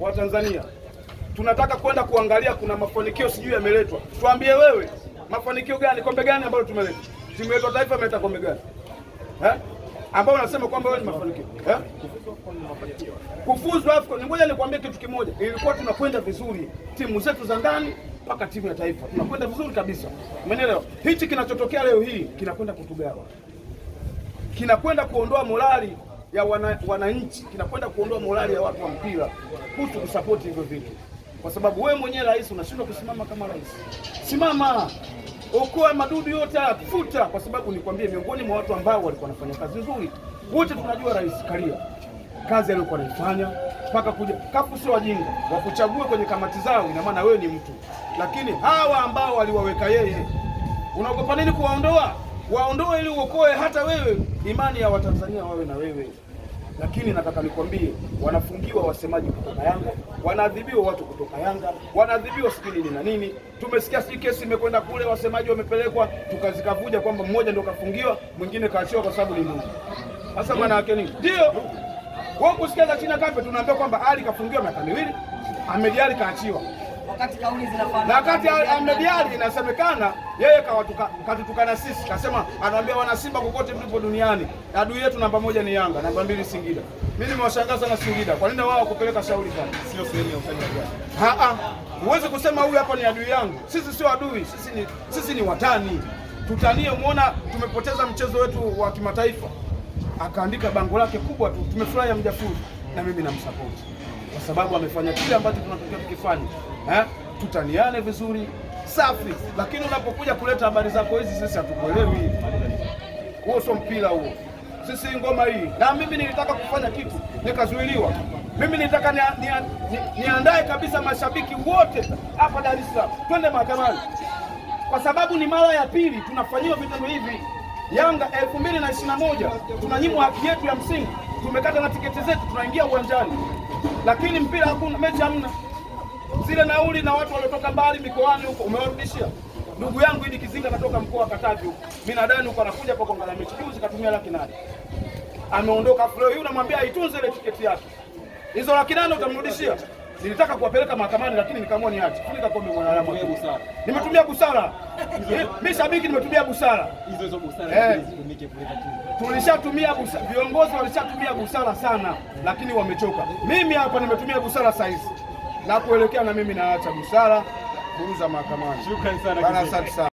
wa Tanzania tunataka kwenda kuangalia kuna mafanikio sijui yameletwa, tuambie wewe, mafanikio gani? Kombe gani ambalo tumeleta? Timu yetu taifa imeleta kombe gani eh? ambao unasema kwamba wewe ni mafanikio eh? kufuzu AFCON. Ngoja nikwambie kitu kimoja, ilikuwa tunakwenda vizuri, timu zetu za ndani mpaka timu ya taifa tunakwenda vizuri kabisa, umeelewa? Hichi kinachotokea leo hii kinakwenda kutugawa, kinakwenda kuondoa morali ya wananchi wana kinakwenda kuondoa morali ya watu wa mpira kutu kusapoti hivyo vitu, kwa sababu wewe mwenyewe rais unashindwa kusimama kama rais. Simama, okoa madudu yote haya, futa. Kwa sababu nikwambie, miongoni mwa watu ambao walikuwa wanafanya kazi nzuri, wote tunajua Rais Karia kazi aliyokuwa anaifanya mpaka kuja kafu, sio wajinga wakuchague kwenye kamati zao, ina maana wewe ni mtu. Lakini hawa ambao waliwaweka yeye, unaogopa nini kuwaondoa? waondoe ili uokoe hata wewe, imani ya Watanzania wawe na wewe. Lakini nataka nikwambie, wanafungiwa wasemaji kutoka Yanga, wanaadhibiwa watu kutoka Yanga, wanaadhibiwa sijui nini na nini. Tumesikia sijui kesi imekwenda kule, wasemaji wamepelekwa, tukazikavuja kwamba mmoja ndo kafungiwa, mwingine kaachiwa kwa sababu ni ndugu. Sasa maana yake nini? Ndio wao kusikia za China Kape tunaambia kwamba Ali kafungiwa miaka miwili, Ahmed Ali kaachiwa na wakati Ahmed Ally inasemekana yeye katutukana sisi, kasema anawaambia wana Simba kokote mlipo duniani, adui yetu namba moja ni Yanga, namba mbili Singida. Mimi nimewashangaza na Singida, kwa nini wao kupeleka shauri kama sio sehemu ya ha ha, Huwezi kusema huyu hapa ni adui yangu. Sisi sio adui, sisi ni, sisi ni watani. Tutanie, muona tumepoteza mchezo wetu wa kimataifa, akaandika bango lake kubwa tu, tumefurahi ya mjafuru, na mimi namsapoti kwa sababu amefanya kile ambacho tunatakiwa tukifanye, Eh, tutaniane vizuri safi, lakini unapokuja kuleta habari zako hizi sisi hatukuelewi. Huo sio mpira huo, sisi ngoma hii. Na mimi nilitaka kufanya kitu nikazuiliwa. Mimi nilitaka niandae ni, ni, kabisa mashabiki wote hapa Dar es Salaam twende mahakamani, kwa sababu ni mara ya pili tunafanyiwa vitendo hivi. Yanga elfu mbili na ishirini na moja tunanyimwa haki yetu ya msingi, tumekata na tiketi zetu, tunaingia uwanjani lakini mpira hakuna, mechi hamna. Zile nauli na watu waliotoka mbali mikoani huko umewarudishia. Ndugu yangu Idi Kizinga katoka mkoa wa Katavi huko, mimi nadhani huko anakuja kwa kuangalia mechi. Juzi katumia laki nane ameondoka, leo hii unamwambia aitunze ile tiketi yake, hizo laki nane utamrudishia? Nilitaka kuwapeleka mahakamani lakini nikaamua niache. Nikakombe mwanadamu wangu busara. Nimetumia busara. Mimi shabiki nimetumia busara. Hizo hizo busara eh. zitumike kuleta tu. Tulishatumia busara. Viongozi walishatumia busara sana lakini wamechoka. Mimi hapa nimetumia busara saa hizi. Na kuelekea na mimi naacha busara kuuza mahakamani. Shukrani sana. Asante sana.